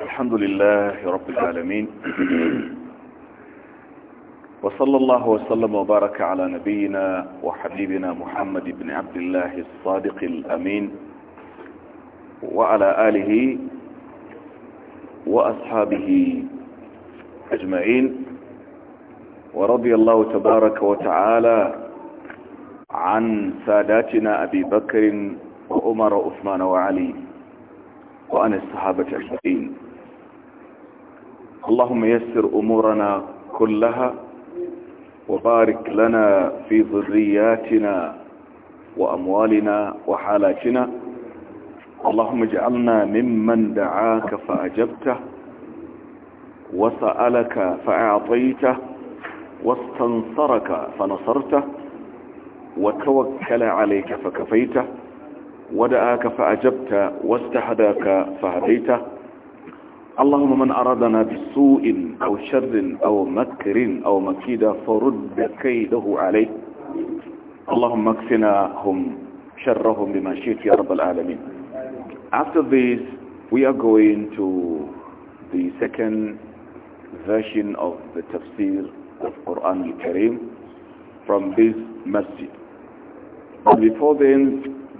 الحمد لله رب العالمين وصلى الله وسلم وبارك على نبينا وحبيبنا محمد بن عبد الله الصادق الأمين وعلى آله وأصحابه أجمعين ورضي الله تبارك وتعالى عن ساداتنا أبي بكر وأمر أثمان وعلي وأنا الصحابة أجمعين اللهم يسر أمورنا كلها وبارك لنا في ذرياتنا وأموالنا وحالاتنا اللهم اجعلنا ممن دعاك فأجبته وسألك فأعطيته واستنصرك فنصرته وتوكل عليك فكفيته ودعاك فأجبت واستحداك فهديت اللهم من أرادنا بسوء أو شر أو مكر أو مكيدة فرد كيده عليه اللهم اكفناهم شرهم بما شئت يا رب العالمين After this, we are going to the second version of the tafsir of Quran al-Karim from this masjid. But before then,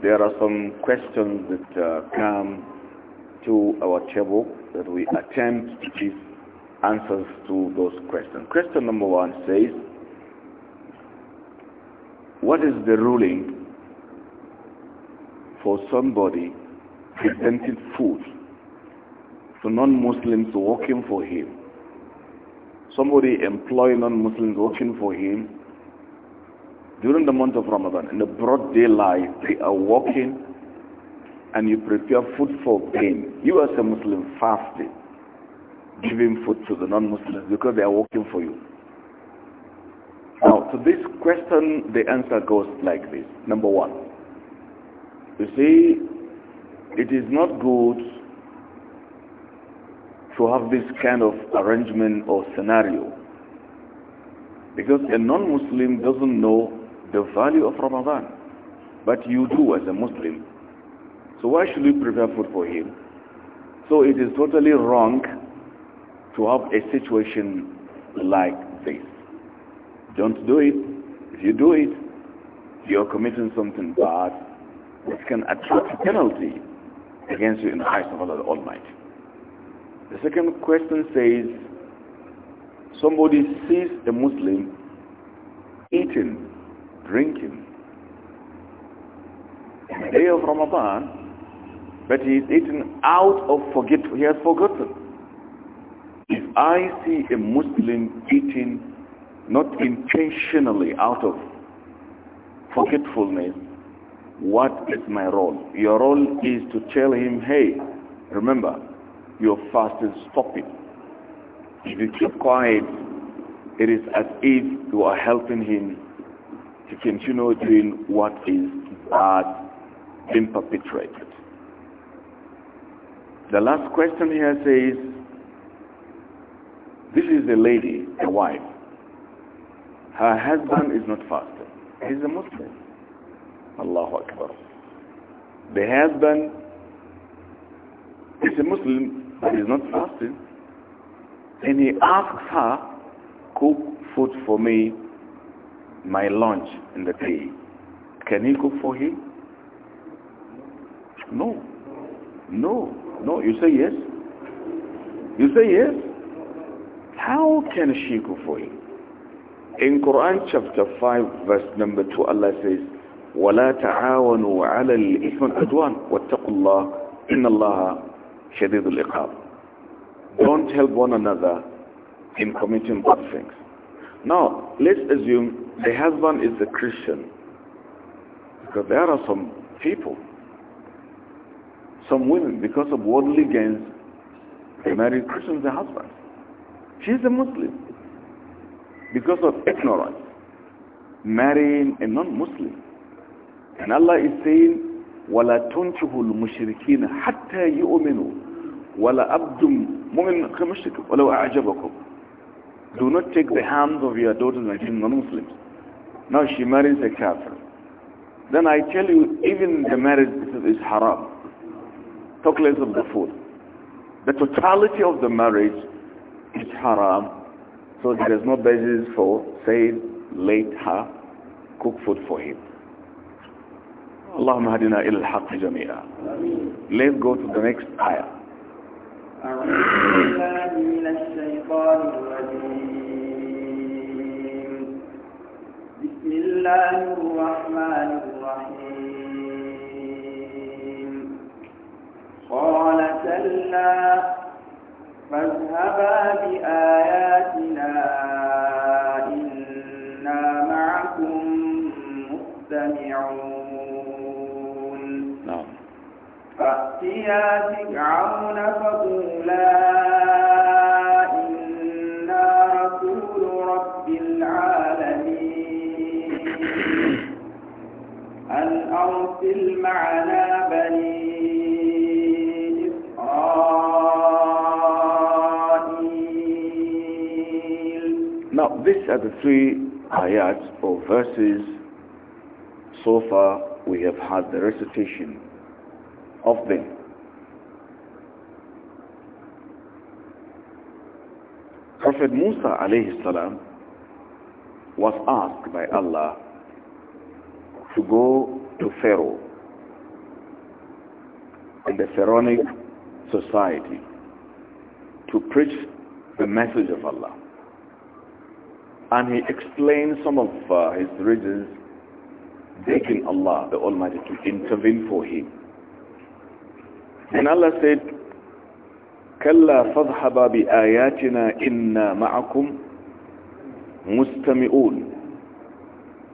there are some questions that uh, come to our table that we attempt to give answers to those questions. Question number one says, what is the ruling for somebody presenting food to non-Muslims working for him? Somebody employing non-Muslims working for him during the month of Ramadan, in the broad daylight, they are walking and you prepare food for pain. You as a Muslim fasting, giving food to the non-Muslims because they are working for you. Now, to this question, the answer goes like this. Number one, you see, it is not good to have this kind of arrangement or scenario because a non-Muslim doesn't know the value of Ramadan. But you do as a Muslim. So why should we prepare food for him? So it is totally wrong to have a situation like this. Don't do it. If you do it, you're committing something bad It can attract a penalty against you in the eyes of Allah the Almighty. The second question says, somebody sees a Muslim eating drinking on the day of Ramadan, but he is eating out of forgetfulness. He has forgotten. If I see a Muslim eating not intentionally out of forgetfulness, what is my role? Your role is to tell him, hey, remember, your fast is stopping. If you keep quiet, it is as if you are helping him to continue doing what is bad being perpetrated. The last question here says, this is a lady, a wife. Her husband is not fasting. He's a Muslim. Allahu Akbar. The husband is a Muslim, but he's not fasting. And he asks her, cook food for me my lunch in the day. Can he cook for him? No. No. No. You say yes? You say yes? How can she cook for him? In Quran chapter 5 verse number 2 Allah says وَلَا تَعَاوَنُوا عَلَى الْإِثْمَ الْأَدْوَانِ وَاتَّقُوا اللَّهِ إِنَّ اللَّهَ شَدِيدُ الْإِقَابِ Don't help one another in committing bad things. Now, let's assume the husband is a Christian. Because there are some people, some women, because of worldly gains, they marry Christians their She She's a Muslim. Because of ignorance, marrying a non-Muslim. And Allah is saying, ولا تنكحوا المشركين حتى يؤمنوا ولا أبد مؤمن مشرك ولو أعجبكم do not take the hands of your daughters and non-Muslims. Now she marries a kafir. Then I tell you, even the marriage is haram. Talk less of the food. The totality of the marriage is haram. So there is no basis for saying, let her cook food for him. اللهم هدنا إلى الحق جميعا Let's go to the next ayah. أعوذ بالله من الشيطان الرجيم بسم الله الرحمن الرحيم قال كلا فاذهبا بآياتنا إنا معكم مستمعون نعم. فأتيا فرعون فقولا Now these are the three ayat or verses so far we have had the recitation of them. Prophet Musa alayhi salam was asked by Allah to go to Pharaoh in the Pharaonic society to preach the message of Allah. And he explained some of uh, his reasons begging Allah, the Almighty, to intervene for him. And Allah said, كلا فاذهبا بآياتنا إنا معكم مستمعون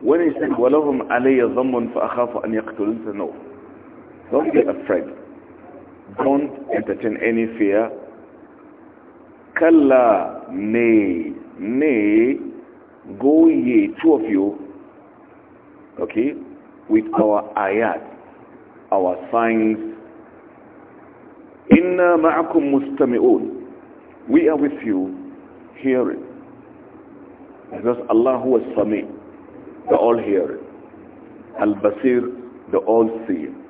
when he said ولهم علي ضم فأخاف أن يقتلون no don't be afraid don't entertain any fear. Kalla, nay, nay, go ye, two of you, okay, with our ayat, our signs. Inna ma'akum mustami'un. We are with you, hearing. Because Allah who is Sami, the all-hearing. Al-Basir, the all-seeing.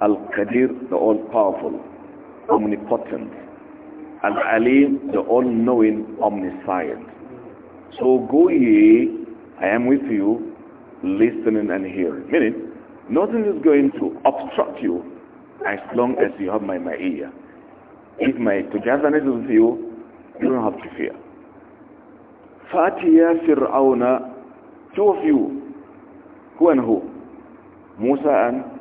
Al-Qadir, the all-powerful, omnipotent. Al-Alim, the all-knowing, omniscient. So go ye, I am with you, listening and hearing. Meaning, nothing is going to obstruct you as long as you have my, ear. If my togetherness is with you, you don't have to fear. Fatiya Fir'auna, two of you, who and who? Musa and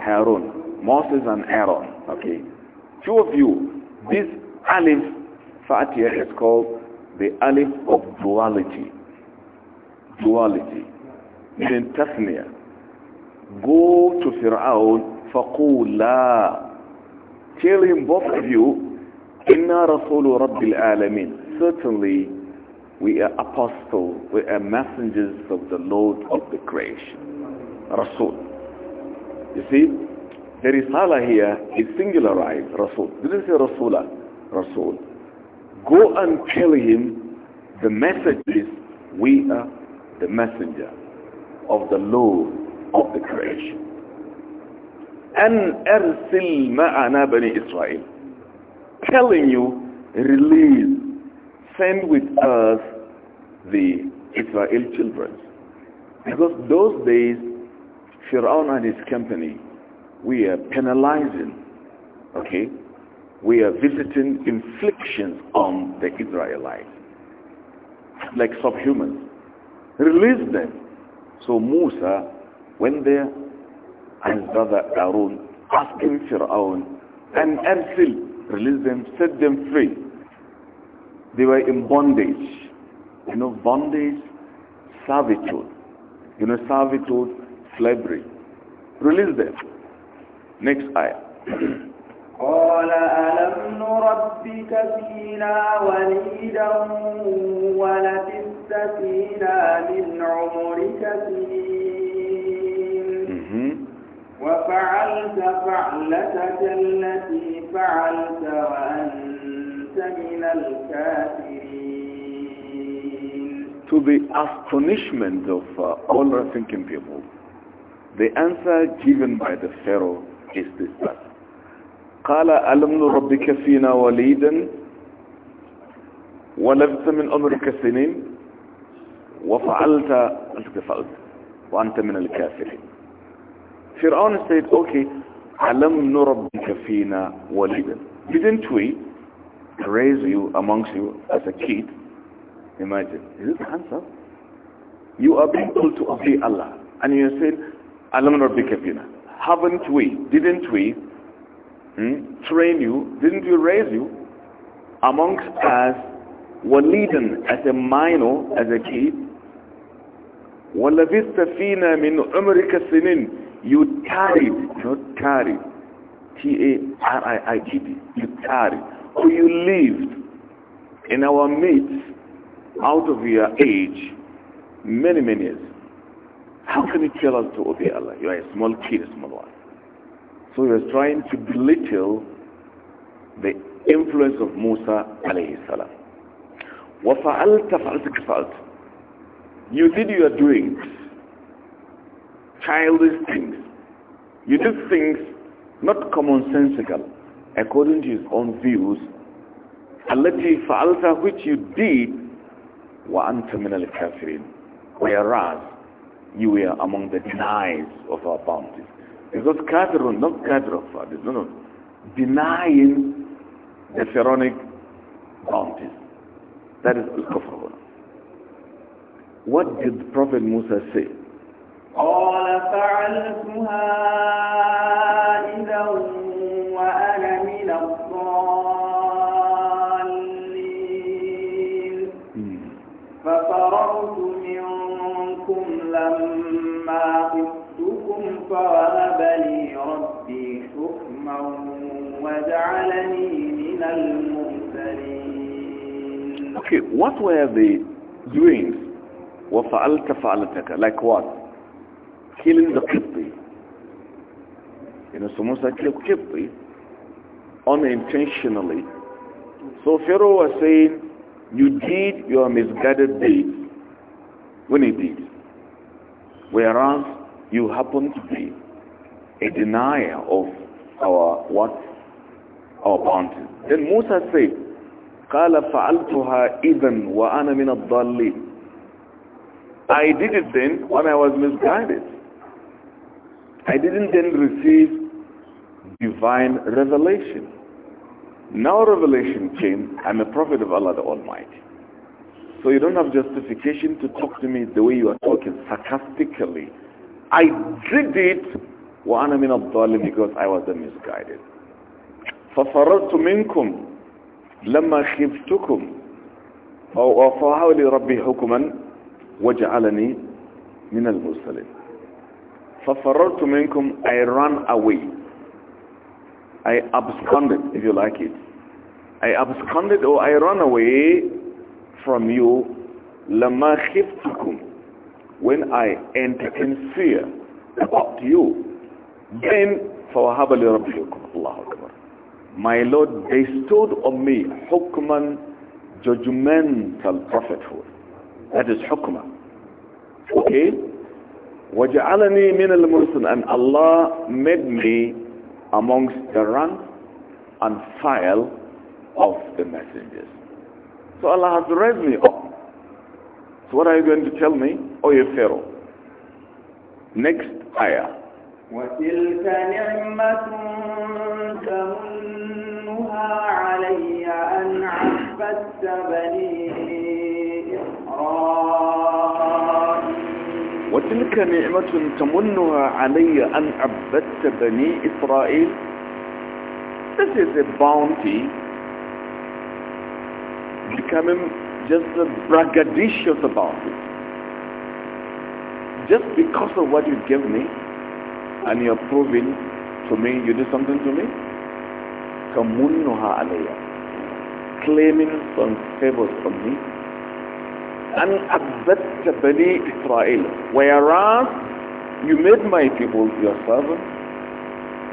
Harun, Moses and Aaron. Okay. Two of you, this Aleph Fatia is called the Aleph of duality. Duality. In tasniya. Go to Fir'aun, فَقُولَا Tell him both of you, إِنَّا رَسُولُ رَبِّ Alameen. Certainly, we are apostles, we are messengers of the Lord of the creation. Rasul. You see, the Risala here is singularized, Rasul. Didn't say Rasulah? Rasul. Go and tell him the message is we are the messenger of the Lord of the creation. أن أرسل معنا بني إسرائيل telling you release send with us the Israel children because those days Fir'aun and his company, we are penalizing, okay? We are visiting inflictions on the Israelites, like subhumans. Release them. So Musa went there and his brother Aaron asking Fir'aun and Ersil, release them, set them free. They were in bondage. You know, bondage, servitude. You know, servitude slavery. Release them. Next ayah. قال ألم نربك فينا وليدا ولبثت فينا من عمرك سنين وفعلت فعلتك التي فعلت وأنت من الكافرين To the astonishment of uh, all thinking people, the answer given by the Pharaoh is this one. قال ألم ربك فينا وليدا ولبث من أمرك سنين وفعلت أنت فعلت وأنت من الكافرين Fir'aun said, okay, ألم نربك فينا وليدا Didn't we raise you amongst you as a kid? Imagine. Is it the answer? You are being told to obey Allah. And you are saying, Alamna Bikafina. Haven't we, didn't we hmm, train you, didn't we raise you amongst us, were leading as a minor, as a kid? وَلَبِثْتَ فِينَا مِنْ عُمْرِكَ سِنِينَ You tarried, not tarried, T-A-R-I-I-E-D, you tarried, or you lived in our midst out of your age many, many years. How can you tell us to obey Allah? You are a small kid, a small one. So he was trying to belittle the influence of Musa alayhi salam. وَفَعَلْتَ فَعَلْتَ فَعَلْتَ You did your doings, childish things. You did things not commonsensical, according to his own views. التي فعلت which you did وأنت من الكافرين whereas you were among the deniers of our bounties. because was Kadrun, not Father. no, no. Denying the pharaonic bounties. That is Al-Kufr. What did the Prophet Musa say? قال فعلتها إذا فوهب لي ربي حكما وجعلني من المرسلين Okay, what were the doings? وفعلت فعلتك Like what? Killing the Qibti. You know, someone said kill Qibti unintentionally. So Pharaoh was saying, you did your misguided deeds when he did. Whereas you happen to be a denier of our what? Our bounty. Then Musa said, قال فعلتها إذن وأنا من الضالين I did it then when I was misguided. I didn't then receive divine revelation. Now revelation came, I'm a prophet of Allah the Almighty. So you don't have justification to talk to me the way you are talking sarcastically I did it وَأَنَا مِنَ الظَّالِمِ because I was the misguided. فَفَرَرْتُ مِنْكُمْ لَمَّا خِفْتُكُمْ فَوَفَاهَوْ ربي حُكُمًا وَجَعَلَنِي مِنَ الْمُرْسَلِينَ فَفَرَرْتُ مِنْكُمْ I ran away. I absconded, if you like it. I absconded or I ran away from you لَمَّا خِفْتُكُمْ when I entertain fear about you, then فَوَهَبَ لِرَبِّكُمْ اللَّهُ أَكْبَرُ My Lord bestowed on me hukman, judgmental prophethood. That is hukma. Okay? وَجَعَلَنِي مِنَ الْمُرْسِلِ And Allah made me amongst the rank and file of the messengers. So Allah has raised me up what are you going to tell me, O oh, you Pharaoh? Next ayah. وتلك نعمة تمنها علي أن عبدت بني إسرائيل وتلك نعمة تمنها علي أن عبدت بني إسرائيل This is a bounty becoming just braggadocious about it. Just because of what you gave me and you're proving to me you did something to me, kamunnuha alayya, claiming some favors from me, and abdat Bani Israel, whereas you made my people your servants,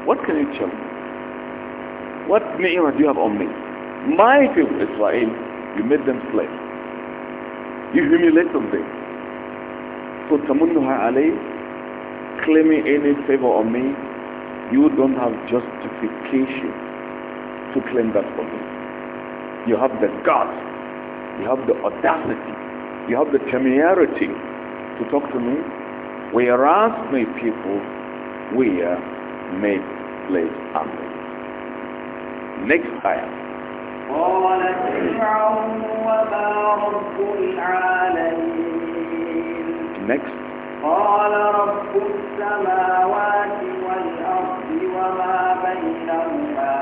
what can you tell me? What ni'mah do you have on me? My people Israel you made them slaves. You humiliated them. So tamunnuha alayh, claiming any favor on me, you don't have justification to claim that for me. You have the guts, you have the audacity, you have the temerity to talk to me, asked my people are made slaves under. Next time. قال فرعون وما رب العالمين Next. قال رب السماوات والأرض وما بينهما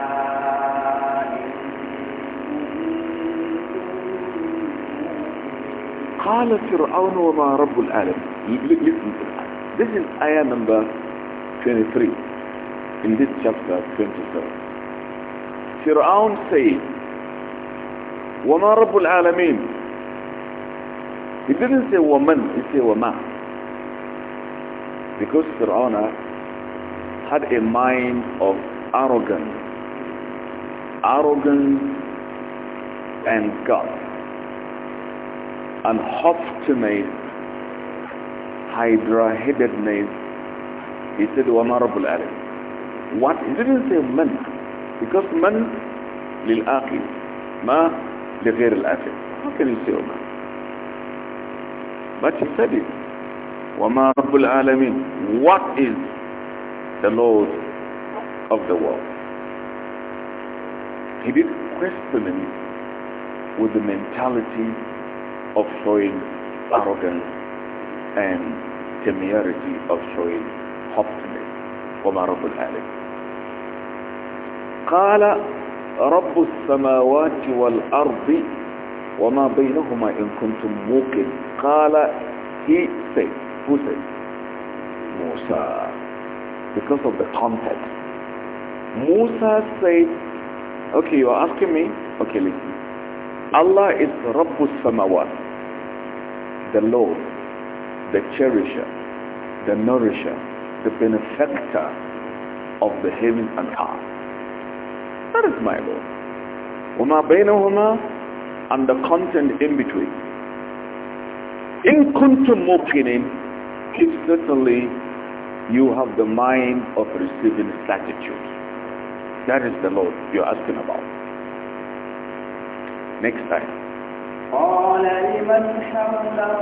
قال فرعون وما رب العالمين Listen to that. This is ayah number 23 in this chapter 27. Fir'aun said, وَمَا رَبُّ الْعَالَمِينَ He didn't say woman, he said woman Because Fir'aun had a mind of arrogance. Arrogance and God. And hoftimate, hydra-headedness. He said وَمَا رَبُّ الْعَالَمِينَ What? He didn't say men Because man لِلْأَقْلِ ما لغير الآخر how can you say that? but he said it وما رب العالمين what is the Lord of the world he did question him with the mentality of showing arrogance and temerity of showing haughtiness وما رب العالمين قال رب السماوات والأرض وما بينهما إن كنتم موقن قال he said who said Musa because of the context Musa said okay you are asking me okay listen Allah is رب السماوات the Lord the cherisher the nourisher the benefactor of the heavens and earth That is my law. وَمَا بَيْنَهُمَا And the content in between. In kuntum muqinin, if certainly you have the mind of receiving gratitude. That is the Lord you're asking about. Next time. قال لمن حوله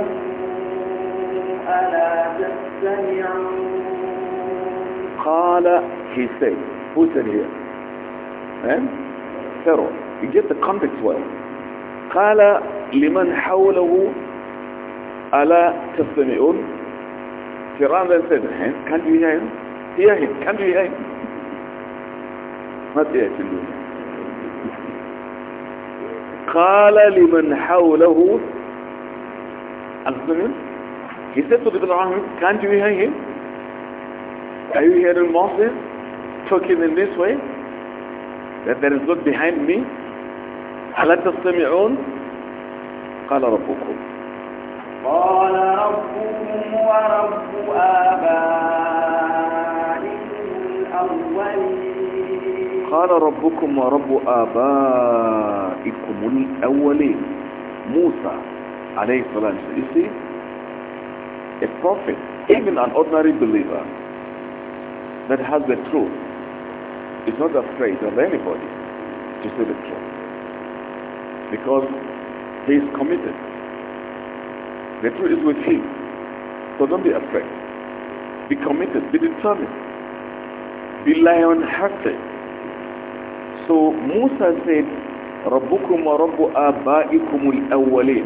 ألا تستمعون قال he said who said here and You get the context well. قال لمن حوله ألا تستمعون then said, can't you hear him? Hear him, can't you hear him? Not hear him. قال لمن حوله أستمعون He said to the people around him, can't you hear him? Are you hearing Moses talking in this way? that there is God behind me هل تستمعون قال ربكم قال ربكم ورب آبائكم الأولين قال ربكم ورب آبائكم الأولين موسى عليه الصلاة والسلام you see a prophet even an ordinary believer that has the truth is not afraid of anybody to say the truth. Because he is committed. The truth is with him. So don't be afraid. Be committed. Be determined. Be lion-hearted. So Musa said, رَبُّكُمْ وَرَبُّ آبَائِكُمُ الْأَوَّلِينَ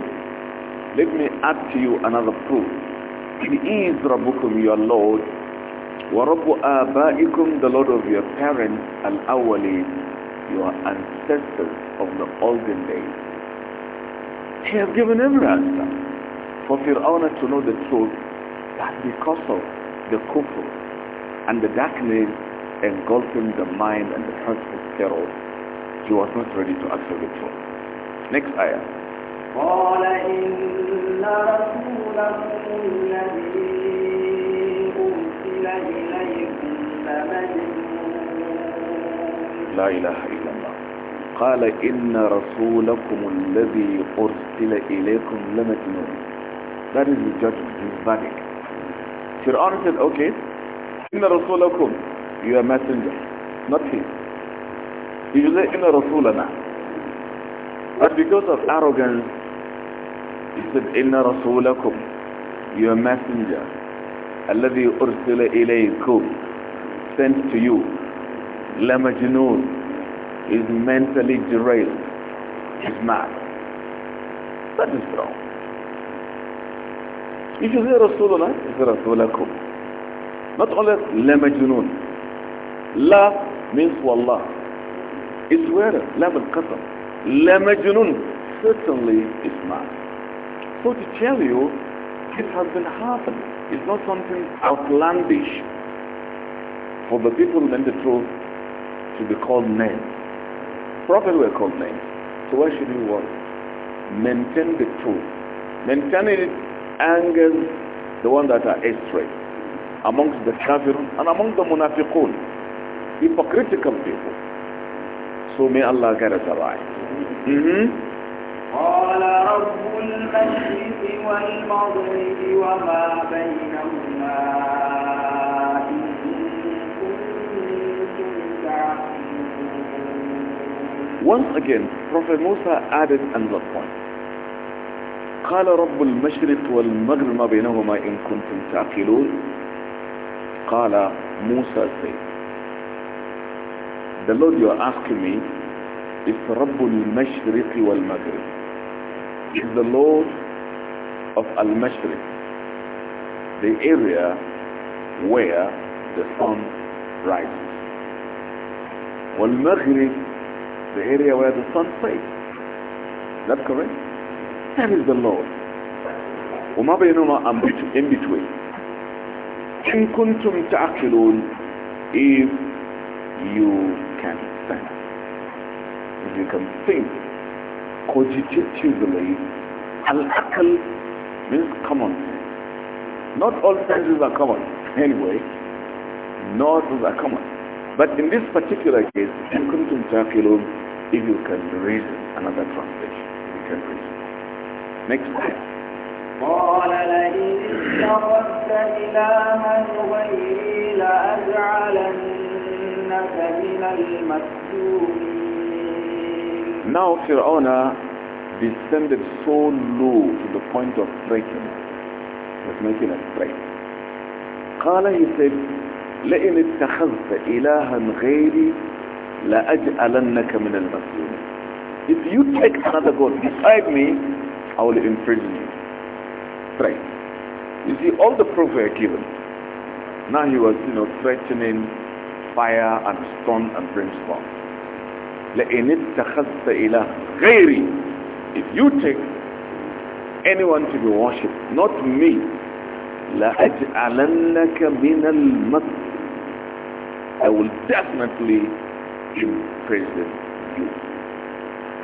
Let me add to you another proof. He is Rabbukum, your Lord, وَرَبُّ آبَائِكُمْ The Lord of your parents, Al-Awwali, your ancestors of the olden days. He has given every answer. For Fir'aun to know the truth, that because of the kufr and the darkness engulfing the mind and the heart of Pharaoh, he was not ready to accept the truth. Next ayah. لا إله إلا الله قال إن رسولكم الذي أرسل إليكم لمجنون That is the judgment, the verdict. Fir'aun said, okay, إن رسولكم, you are messenger, not him. He should say, إن رسولنا. But because of arrogance, he said, إن رسولكم, you are messenger, الذي أرسل إليكم, sent to you. Lamajnoon is mentally derailed, He's mad. That is wrong. If you say Rasulullah, it's Rasulakum. Not only Lamajnoon. La means Wallah. It's where Lamal al-Qasam. Lamajnoon certainly is mad. So to tell you, this has been happening. It's not something outlandish. For the people know the truth, to be called men. Prophets were called men. So why should we worry? Maintain the truth. Maintaining it angers the ones that are astray amongst the kafirun and among the munafiqun, hypocritical people. So may Allah guide us right. Mm -hmm. قال رب المشرق والمغرب وما بينهما Once again, Prophet Musa added another point. قال رب المشرق والمغرب ما بينهما إن كنتم تعقلون قال Musa said The Lord you are asking me is رب المشرق والمغرب is the Lord of Al-Mashriq the area where the sun rises والمغرب the area where the sun plays. Is that correct? That is the Lord. وما بينهما in between. إن كنتم تعقلون if you can think. If you can think cogitatively, al-aql means common sense. Not all senses are common. Anyway, not all are common. But in this particular case, إن كنتم تعقلون if you can read another translation, you can read it. Next ayah. قال لئن اتخذت إلها غيري لأجعلنك من المسجونين Now Fir'aun descended so low to the point of breaking. was making a break. قال he said لئن اتخذت إلها غيري لَأَجْعَلَنَّكَ مِنَ If you take another God beside me, I will imprison you. Right. You see, all the proofs were given. Now he was, you know, threatening fire and stone and brimstone. لَإِنِ اتَّخَذْتَ إِلَهَ غَيْرِي If you take anyone to be worshipped, not me, لَأَجْعَلَنَّكَ مِنَ الْمَسْلِينَ I will definitely imprison you.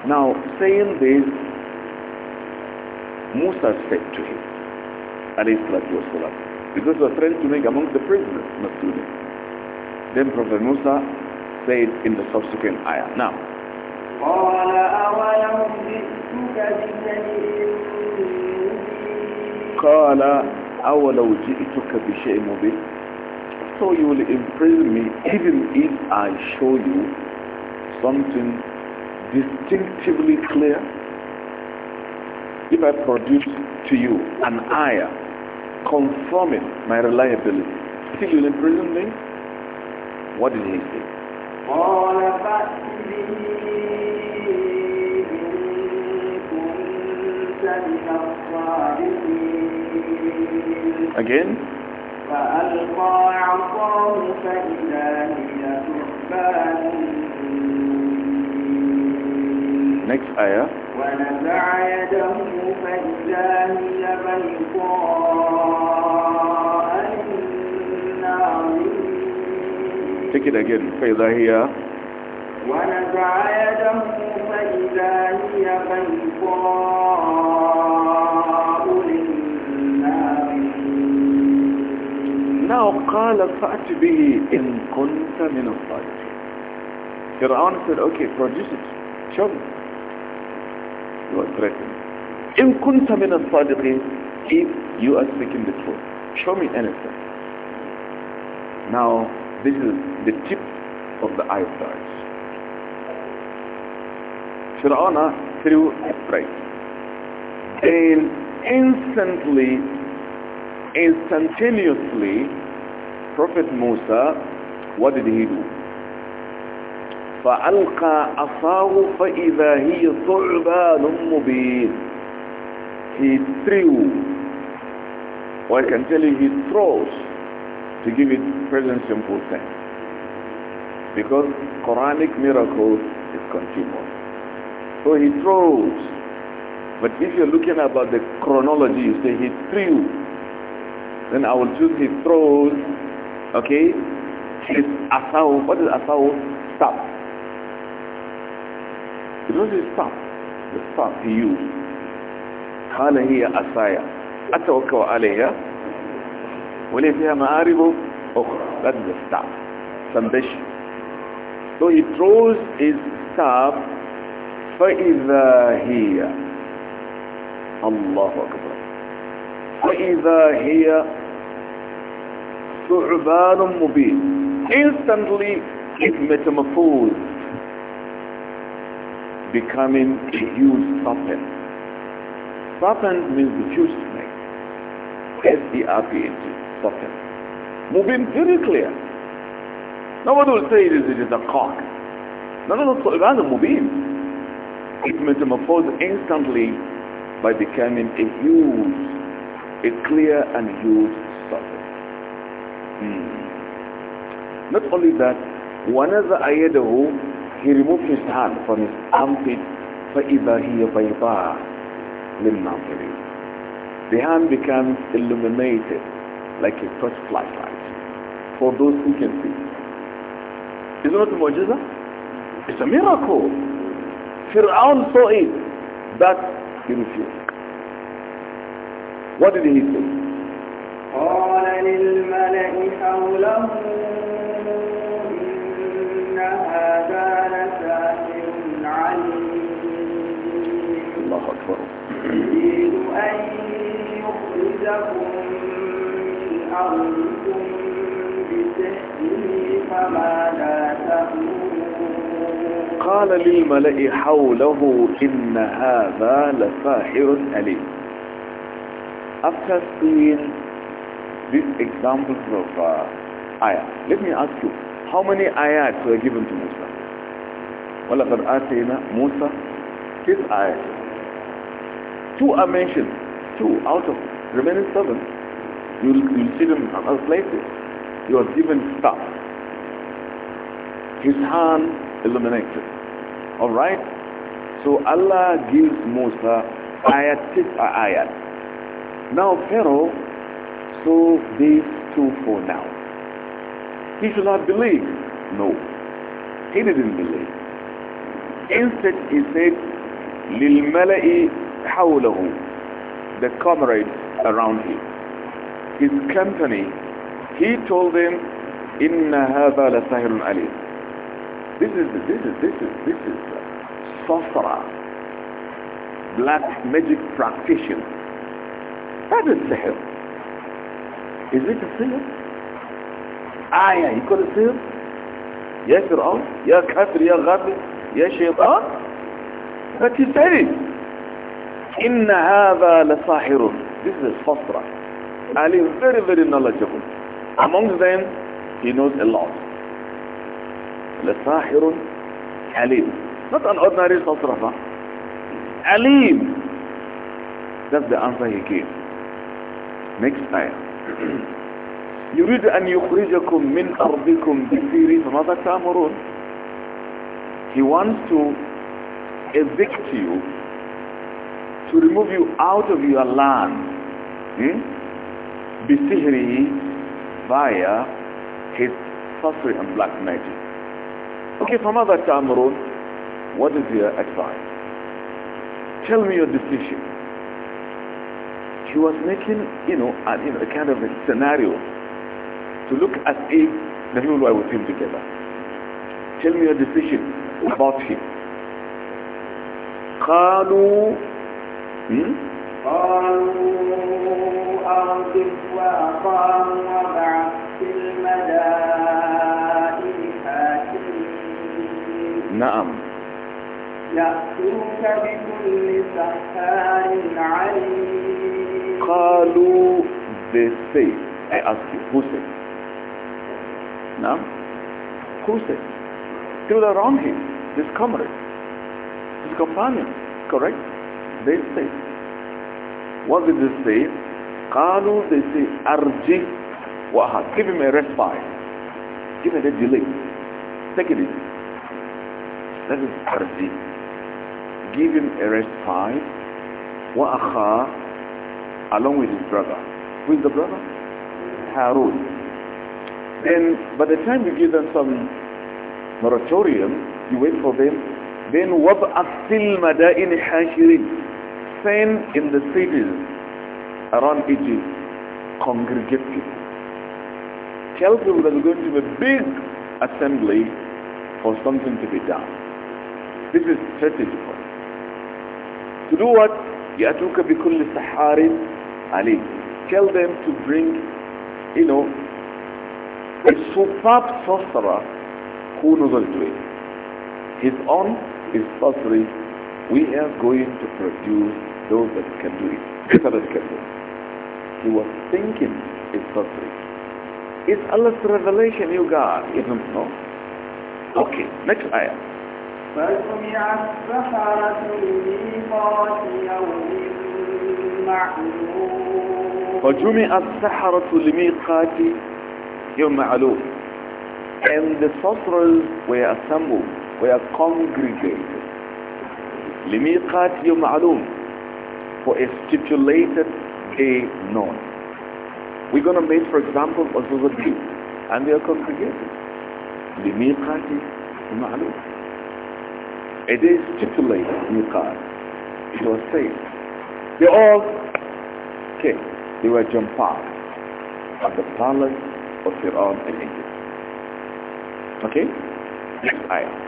Now, saying this, Musa said to him, alayhi salatu wasalam, because he was trying to make among the prisoners, not to them. Then Prophet Musa said in the subsequent ayah. Now, قال قال أولو جئتك بشيء مبين so you will imprison me even if I show you something distinctively clear? If I produce to you an ayah confirming my reliability, still you'll imprison me? What did he say? Again? فألقى عصاه فإذا هي ثعبان Next ayah. ونزع يده فإذا هي بيضاء للناظرين. Take it again. فإذا هي ونزع يده فإذا هي بيضاء أو قال فأت به إن كنت من الصادقين said, okay, produce it. Show me. He was threatened. إن كنت من الصادقين if you are speaking the truth. Show me anything. Now, this is the tip of the iceberg. Fir'aun threw a strike. And instantly, instantaneously, Prophet Musa, what did he do? فَأَلْقَى أَصَاهُ فَإِذَا هِيَ ثُعْبَانٌ مُبِينٌ He threw, or I can tell you he throws, to give it present simple sense. Because Quranic miracles is continuous. So he throws. But if you're looking about the chronology, you say he threw. Then I will choose he throws Okay? It's asaw. What is asaw? Stop. You was a stop. The stop he used. قال هي أسايا أتوكل عليها Wale fiya ma'aribu. Oh, That is the staff Sandesh So he throws his staff فإذا hiya. الله أكبر فإذا هي ثعبان مبين instantly it metamorphosed becoming a huge serpent serpent means the huge snake S-E-R-P-E-N-T serpent mubin very clear nobody will say it is, it is a cock no no no ثعبان مبين it metamorphosed instantly by becoming a huge a clear and huge serpent Hmm. Not only that, وَنَزَعَ يَدَهُ He removed his hand from his armpit فَإِذَا هِيَ بَيْضَاءَ لِلنَّاظِرِينَ The hand becomes illuminated like a torch flashlight for those who can see. Is it not a mujiza? It's a miracle. Fir'aun saw it, but he refused. What did he say? قال للملأ حوله إن هذا لساحر عليم الله أكبر يريد أن يخرجكم من أرضكم بسحره فماذا تأمرون قال للملأ حوله إن هذا لساحر أليم After these examples of uh, ayah. Let me ask you, how many ayats were given to Musa? وَلَقَدْ آتَيْنَا Musa his ayat. Two are mentioned. Two out of remaining seven. You'll, you'll see them on other places. You are given stuff. His hand illuminated. Alright? So Allah gives Musa ayat, tis uh, ayat. Now Pharaoh prove these two for now. He should not believe. No. He didn't believe. Instead, he said, لِلْمَلَئِ حَوْلَهُ The comrades around him. His company, he told them, إِنَّ هَذَا لَسَهِرٌ عَلِيمٌ This is, this is, this is, this is sorcerer, black magic practitioner. That is sahir." Is it a sin? Ah, yeah. you call it sin? Ya Fir'aun, Ya Kafir, Ya Ghafir, Ya Shaitan. But he said it. إِنَّ هَذَا لَسَاحِرٌ This is Fasra. Ali is very, very knowledgeable. Among them, he knows a lot. لَسَاحِرٌ Alim. Not an ordinary Fasra. Alim. That's the answer he gave. Next ayah. يريد أن يخرجكم من أرضكم بسيري فماذا تأمرون He wants to evict you to remove you out of your land hmm? بسهره via his sorcery and black magic Okay, فماذا تأمرون What is your advice? Tell me your decision she was making, you know, a, you know, a kind of a scenario to look at if the people were with him together. Tell me your decision about him. قالوا قالوا وبعث في المدائن حاكمين نعم يأتوك بكل سحار عليم قالوا they say I ask you who said now who said the wrong him this comrade his companion correct they say what did they say قالوا they say أرجي وأحد give him a respite give him a delay take it easy that Arji. give him a respite وأخاه along with his brother. Who is the brother? Harun. Then by the time you give them some moratorium, you wait for them, then وَبْعَثْ فِي الْمَدَائِنِ حَاشِرِينَ Send in the cities around Egypt, congregate people. Tell people there's going to be a big assembly for something to be done. This is strategic. To do what? يأتوك بكل سحار Ali. Tell them to bring, you know, a superb sorcerer who knows how to do it. His own is sorcery. We are going to produce those that can do it. Better that can do it. He was thinking it's sorcery. It's Allah's revelation you got, isn't know. Okay, next ayah. السَّحَرَةُ لِمِيقَاتِ يَوْمٍ معلوم السحرة لميقات يوم معلوم and the sorcerers were assembled were congregated لميقات يوم معلوم for a stipulated day known we're going to meet, for example Azuza B and they are congregated لميقات يوم معلوم it is stipulated ميقات it was said they all came. They were jumped at the palace of Fir'aun in Egypt. Okay? Next ayah.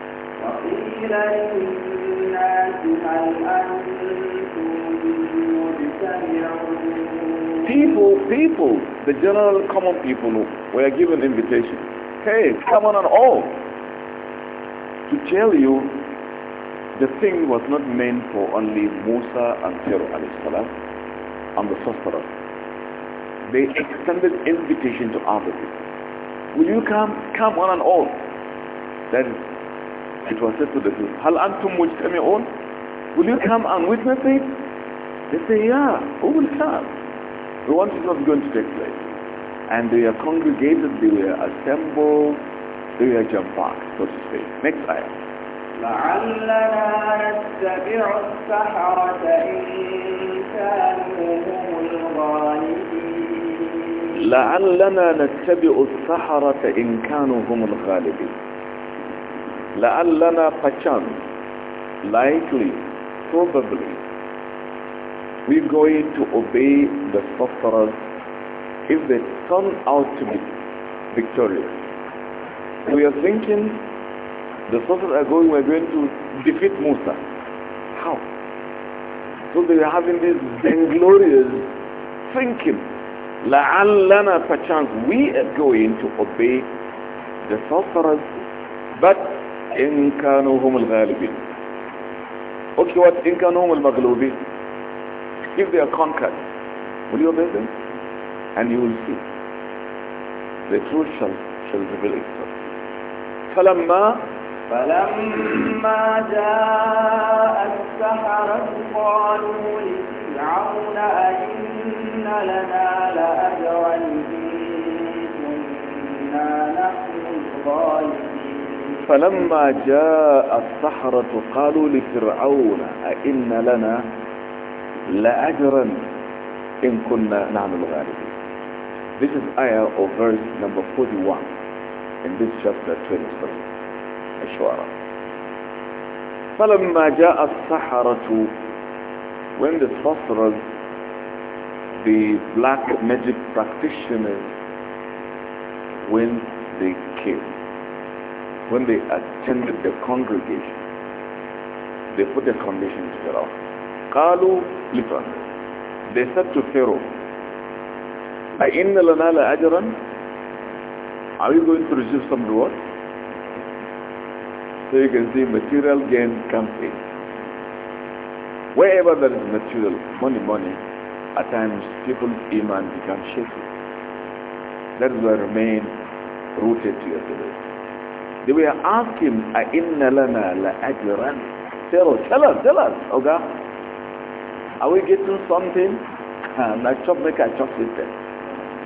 People, people, the general common people were given invitation. Hey, come on and all to tell you the thing was not meant for only Musa and Pharaoh salam, and the sorcerer. They extended invitation to other people. Will you come? Come one and all. Then it was said to the people, Hal antum mujtami'un? Will you come and witness it? They say, yeah, who will come? The one is not going to take place. And they are congregated, they were assembled, they were jump packed, so to speak. Next slide. لعلنا نتبع السحرة إن كانوا هم الغالبين لعلنا نتبع السحرة إن كانوا هم الغالبين لعلنا perchance likely probably we're going to obey the sorcerers if they turn out to be victorious. We are thinking The sources are going, we're going to defeat Musa. How? So they are having this vainglorious thinking. alana, perchance we are going to obey the sorcerers but in كانوا هم الغالبين okay what إن كانوا هم if they are conquered will you obey them and you will see the truth shall, shall reveal itself فلما فلما جاء السحرة قالوا لفرعون أئن لنا لأجرا كنا نحن الظالمين فلما جاء السحرة قالوا لفرعون أئن لنا لأجرا إن كنا نحن الغالبين This is ayah of verse number 41 in this chapter 23. Ishwara. فَلَمَّا جَاءَ السَّحَرَةُ When the sorcerers, the black magic practitioners, when they came, when they attended the congregation, they put the condition to Pharaoh. قالوا لفرعون They said to Pharaoh, أَإِنَّ لَنَا لَأَجْرًا Are you going to receive some reward? So you can see material gain comes in. Wherever there is material, money, money, at times people's iman becomes shaky. That is why remain rooted to your belief. They were asking, "Inna lana la ajran?" Tell us, tell us, tell us, Oga. Are we getting something? like chop maker, chop system.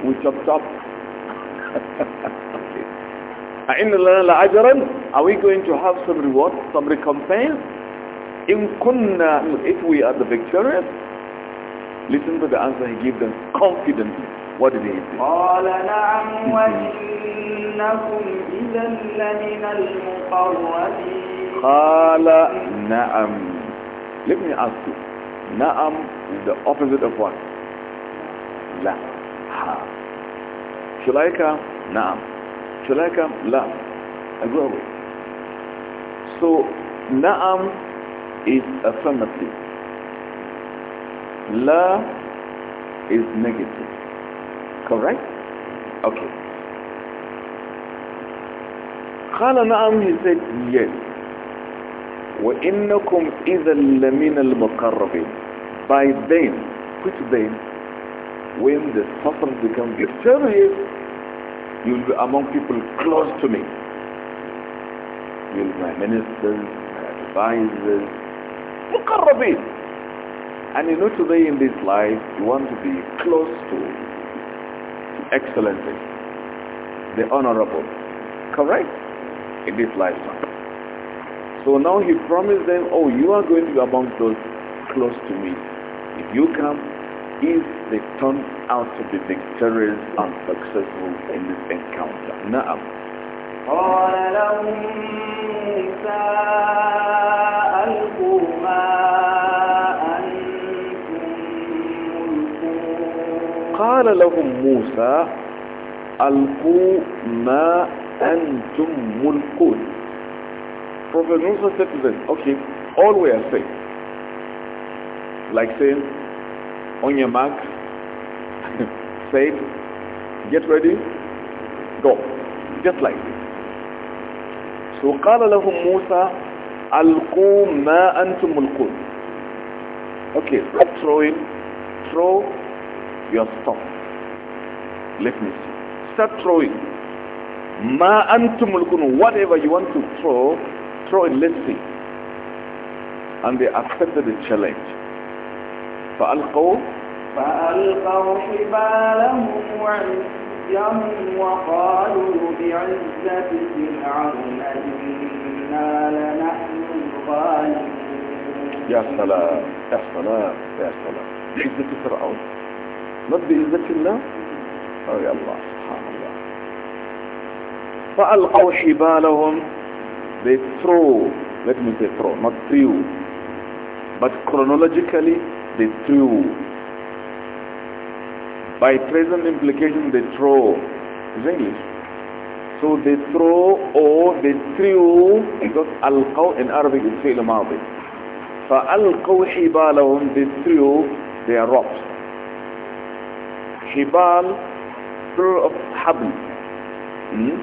We chop chop. Are we going to have some reward, some recompense? إِن كُنَّا If we are the victorious, listen to the answer he gives them confidently. What did he say? قال نعم وإنكم إذا لمن المقربين قال نعم Let me ask you. Naam is the opposite of what? La. Ha. Shulaika, Naam. Shall I come? La. I go away. So Naam is affirmative. La is negative. Correct? Okay. قال نعم he said yes وإنكم إذا لمن المقربين by then which then when the suffering becomes serious You'll be among people close to me. You'll be my ministers, my advisors, muqarrabin. And you know today in this life, you want to be close to, to excellency, the honorable. Correct? In this lifetime. So now he promised them, oh, you are going to be among those close to me. If you come, if they turn out to be victorious and successful in this encounter. Na'am. قال لهم موسى ألقوا ما أنتم قال لهم موسى ألقوا ما أنتم ملقون Prophet Musa said to them, okay, all we are saying, like saying, on your mark, said, get ready, go. Just like this. So قال لهم موسى ألقوا ما أنتم ملقون. Okay, stop throwing. Throw your stuff. Let me see. Start throwing. ما أنتم ملقون. Whatever you want to throw, throw it. Let's see. And they accepted the challenge. فألقوا فألقوا حبالهم وعزهم وقالوا بعزة فرعون إنا لنحن الغالبون يا سلام يا سلام يا سلام بعزة فرعون ما بعزة الله أو يا الله سبحان الله فألقوا حبالهم they throw let me say throw not threw but chronologically they threw. By present implication, they throw. is English. So they throw or they threw because alqaw in Arabic is fi'l madi. فَأَلْقَوْ حِبَالَهُمْ They threw their ropes. Hibal, plural of habl. Hmm?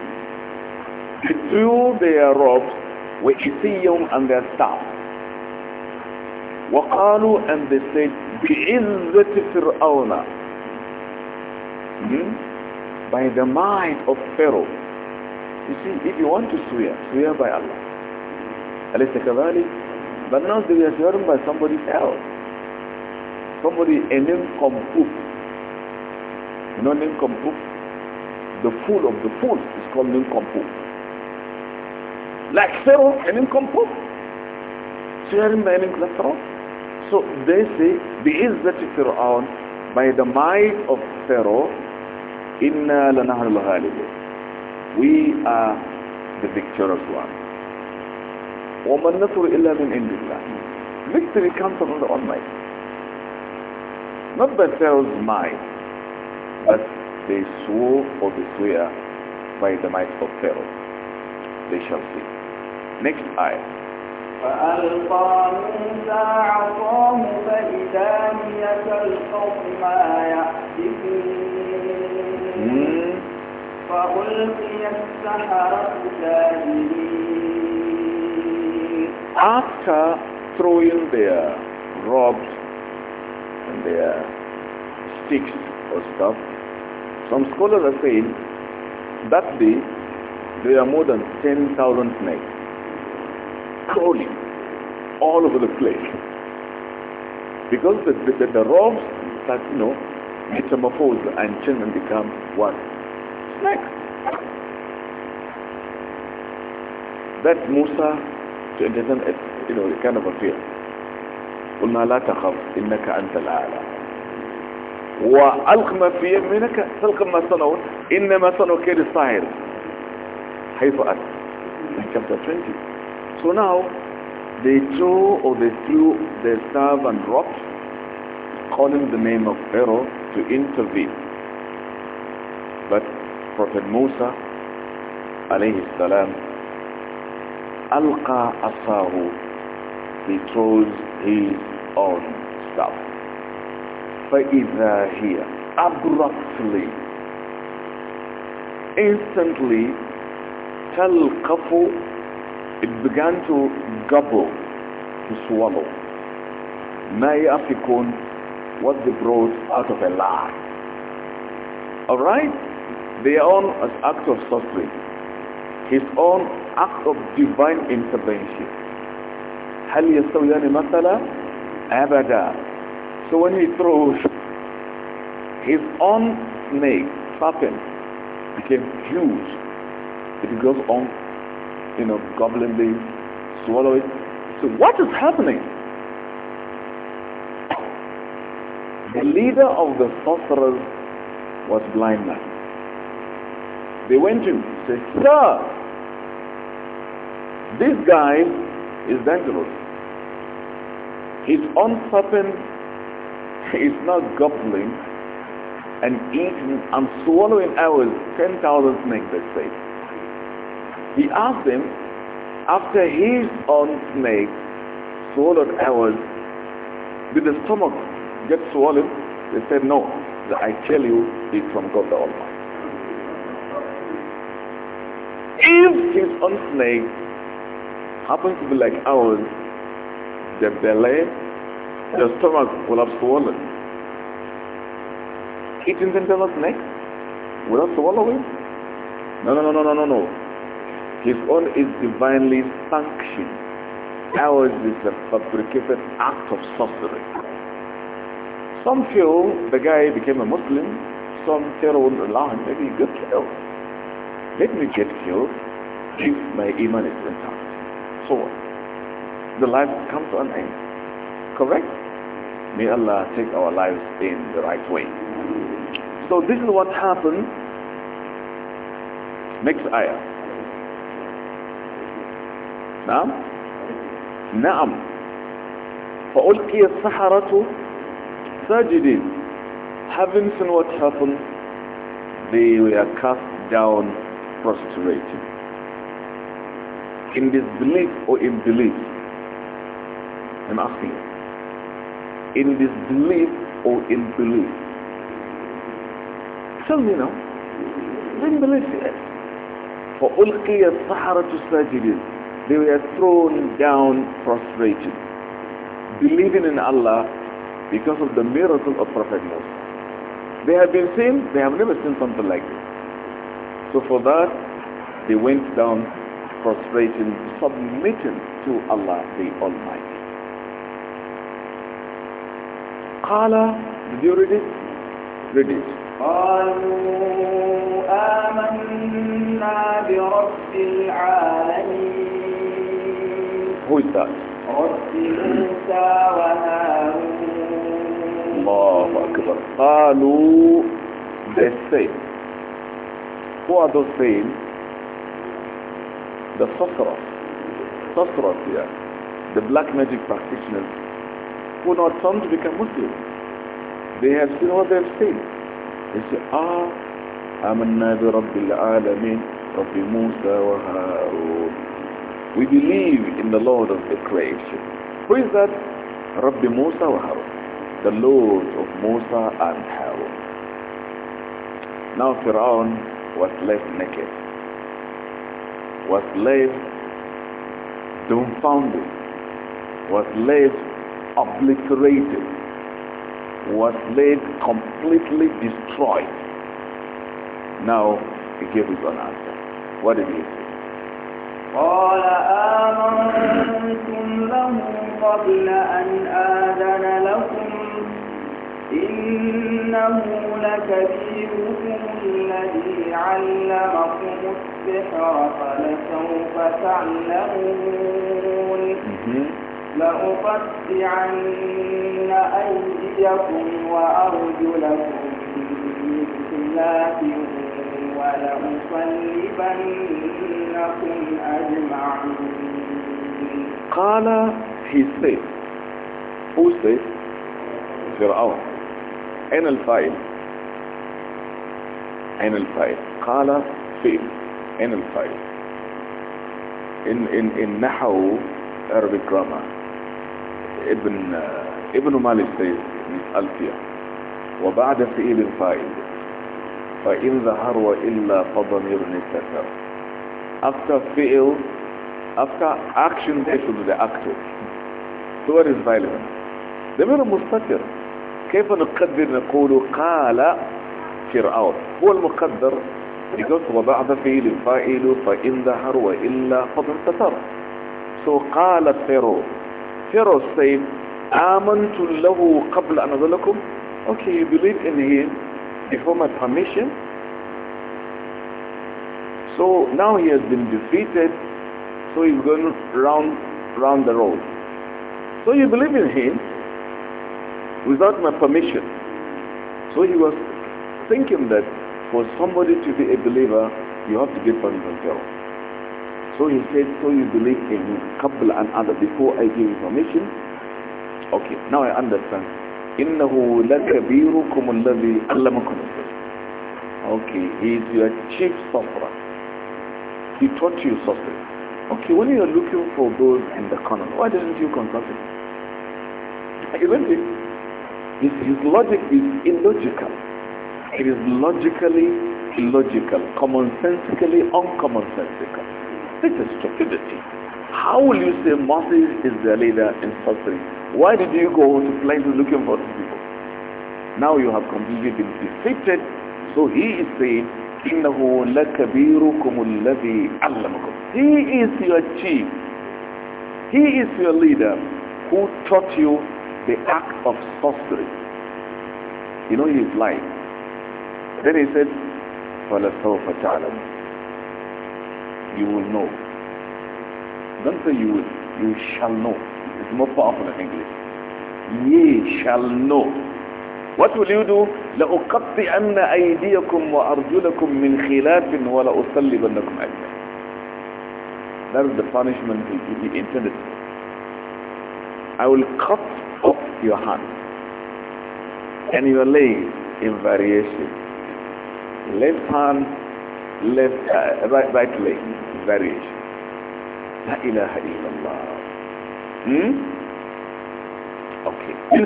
They threw their ropes, وَإِسِيَّهُمْ and their staff. وقالوا and they said بعزة فرعون hmm? by the might of Pharaoh you see if you want to swear swear by Allah أليس كذلك but now they are swearing by somebody else somebody a name Kompuk you know name Kompuk the fool of the fool is called name Kompuk like Pharaoh and name Kompuk swearing by name Pharaoh so they say, بِعِزَّةِ فِرْعَوْنَ By the might of Pharaoh, إِنَّا لَنَهْرُ الْغَالِبِ We are the victorious one. وَمَا النَّصْرُ إِلَّا مِنْ إِنْدِ اللَّهِ Victory comes from the Almighty. Not by Pharaoh's might, but they swore or they swear by the might of Pharaoh. They shall see. Next ayah. فألقى موسى عصاه فإذا هي تلقف ما فألقي السحرة ساجدين After throwing their robes and their sticks or stuff, some scholars are saying that day there are more than 10,000 snakes crawling all over the place. Because the, the, the robes start, you know, metamorphose and change and become what? Snakes. That Musa to entertain, you know, kind of a fear. قلنا لا تخف إنك أنت الأعلى وألق ما في يمينك تلقى ما صنعوا إنما صنعوا كيد الصاهر حيث أتى in chapter 20 so now they threw or they threw their staff and rocks, calling the name of Pharaoh to intervene. But Prophet Musa, alayhi salam, alqa asahu, he throws his own staff. فَإِذَا هِيَ abruptly, instantly, تَلْقَفُ it began to gobble, to swallow. ما African, what they brought out of a lie. Alright? Their own act of suffering. His own act of divine intervention. هل يستويان مثلا؟ أبدا. So when he throws his own snake, serpent, became huge. It goes on you know, gobbling the, swallow it. So what is happening? The leader of the sorcerers was blind man. They went to him and said, Sir, this guy is dangerous. His own serpent is not gobbling and eating and swallowing hours, 10,000 snakes, they say. He asked him, after his own snake swallowed ours, did the stomach get swollen? They said, no. I tell you, it's from God the Almighty. If his own snake happens to be like ours, the belly, the stomach will have swollen. Eating the snake will have swallow it. No, no, no, no, no, no, no. His own is divinely sanctioned. Ours is a fabricated act of sorcery. Some feel the guy became a Muslim. Some feel, him. Oh, maybe he got killed. Let me get killed if my iman is intact. So what? The life comes to an end. Correct? May Allah take our lives in the right way. So this is what happened. Next ayah. نعم نعم فألقي السحرة ساجدين having seen what happened they were cast down prostrated in disbelief or in belief I'm asking in disbelief or in belief tell me now in belief. believe it فألقي السحرة ساجدين they were thrown down prostrated, believing in Allah because of the miracle of Prophet Musa. They have been seen, they have never seen something like this. So for that, they went down prostrating, submitting to Allah the Almighty. Qala, did you read it? Read it. قالوا آمنا برب العالمين who is that? Allahu Akbar. they Who are those saying? The sorcerers. Sorcerers, here, The black magic practitioners who not some to become Muslim. They have seen what they have seen. They say, Ah, آمنا برب العالمين رب موسى وهارون we believe in the Lord of the creation. Who is that? Rabbi Musa wa Harun. The Lord of Musa and Harun. Now Pharaoh was left naked. Was left dumbfounded. Was left obliterated. Was left completely destroyed. Now he gave his own answer. What did he say? قال آمنتم له قبل أن آذن لكم إنه لكبيركم الذي علمكم السحر فلسوف تعلمون لأقطعن أيديكم وأرجلكم من خلاف قال he said who said فرعون أين الفايل أين الفايل قال فين أين الفايل إن إن إن نحو عربي grammar ابن ابن مالك سيد من فيها وبعد فعيل الفايل فإن ظهر وإلا فضمير للتسر after fail after action they should be the actor so what is violence ضمير مستتر كيف نقدر نقول قال فرعون هو المقدر because وضعت فعل فاعل فإن ظهر وإلا فضل تسر so قال فيرو فيرو said آمنت له قبل أن أقول لكم okay you believe in him before my permission. So now he has been defeated, so he's going round, round the road. So you believe in him without my permission. So he was thinking that for somebody to be a believer, you have to get permission from So he said, so you believe in Qabla and other before I give permission." Okay, now I understand innahu lakabirukum alladhi allamakum okay he is your chief sufferer. he taught you suffering. okay when you are looking for those in the corner why didn't you consult him isn't it his, his logic is illogical it is logically illogical commonsensically uncommonsensical this is stupidity how will you say Moses is the leader in suffering? Why did you go to places looking for people? Now you have completely been defeated. So he is saying, إِنَّهُ لَكَبِيرُكُمُ الَّذِي عَلَّمَكُمْ He is your chief. He is your leader who taught you the act of sorcery. You know his life. Then he said, فَلَسَوْفَ تَعْلَمُ You will know. Don't say you will. You shall know. It's more powerful in English. Ye shall know. What will you do? لأقطعن أيديكم وأرجلكم من خلاف ولأصلبنكم أجمعين. That is the punishment he intended. I will cut off your hand and your leg in variation. Left hand, left, uh, right, right leg, variation la ilaha illallah. Hmm? Okay. In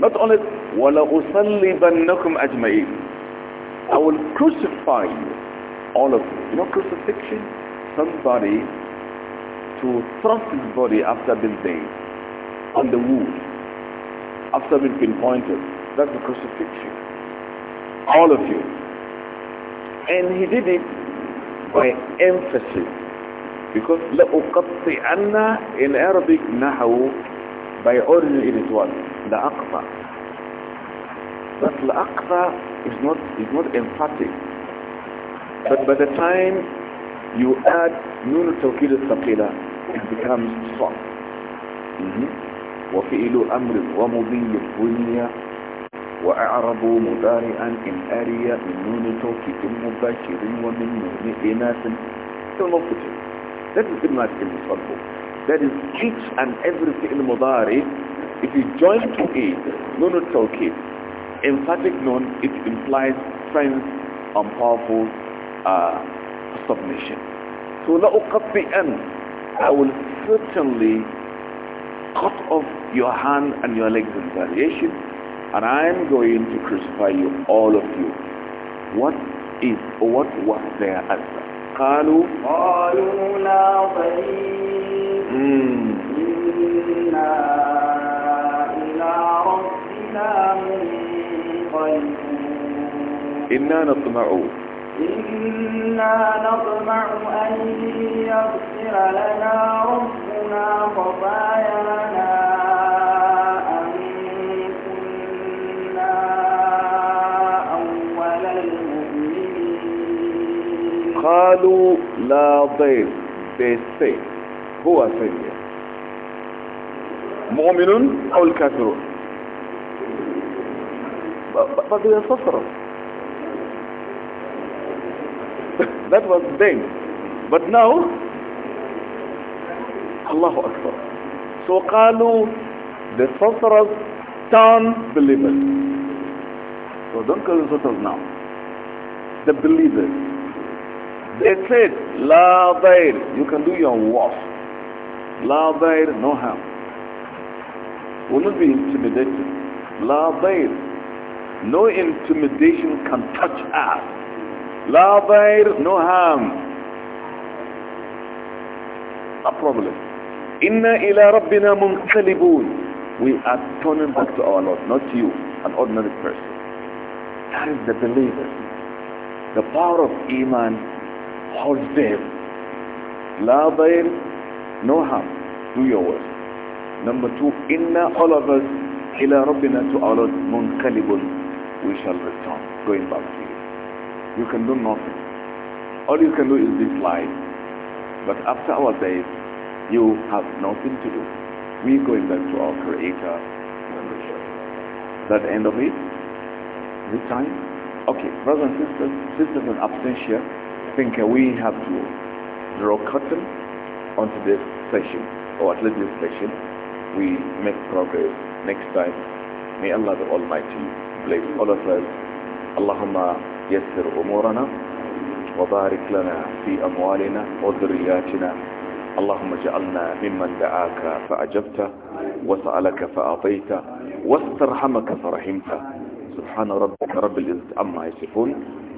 Not only, وَلَأُصَلِّبَنَّكُمْ أَجْمَئِينَ I will crucify you, all of you. You know crucifixion? Somebody to thrust his body after being dead on the wood, after being pinpointed. That's the crucifixion. All of you. And he did it by emphasis because لأقطعن ان Arabic نحو by origin it is what لأقطع but لأقطع is not is not emphatic but by the time you add نون التوكيد الثقيلة it becomes soft mm -hmm. وفعل أمر ومضي الدنيا وأعرب مضارعا إن اريا من نون توكيد مباشر ومن نون إناث المنطقة That is the masculine musabbu. That is each and everything in the mudari. If you join to it, nun no, tawkid, emphatic non, it implies strength and powerful uh, submission. So la uqabbi'an, I will certainly cut off your hand and your legs in variation and I am going to crucify you, all of you. What is, what was there قالوا قالوا لا ضير إنا إلى ربنا منقلبون إنا نطمع إنا نطمع أن يغفر لنا ربنا خطايانا قالوا لا ضيف they هو سيء مؤمن أو الكافر بقي يستصرف that was then but now الله أكبر so قالوا the sorcerers turn believers so don't call the sorcerers now the believers They said, La dair, you can do your worst. La dair, no harm. Will not be intimidated. La dair, no intimidation can touch us. La dair, no harm. No problem. Inna ila rabbina munqalibun. We are turning back to our Lord, not you, an ordinary person. That is the believer. The power of Iman told them, love them, no harm, do your worst. Number two, inna all of us ila rabbina to Allah munkalibun. We shall return, going back to you. You can do nothing. All you can do is this life. But after our days, you have nothing to do. We're going back to our Creator. That end of it? This time? Okay, brothers and sisters, sisters and absentia, think we have to draw cotton onto this session, or at least this session, we make progress next time. May Allah the Almighty bless all of us. Allahumma yassir umurana وبارك لنا في أموالنا وذرياتنا اللهم اجعلنا ممن دعاك فأجبت وسألك فأعطيت واسترحمك فرحمت سبحان ربك رب العزة عما يصفون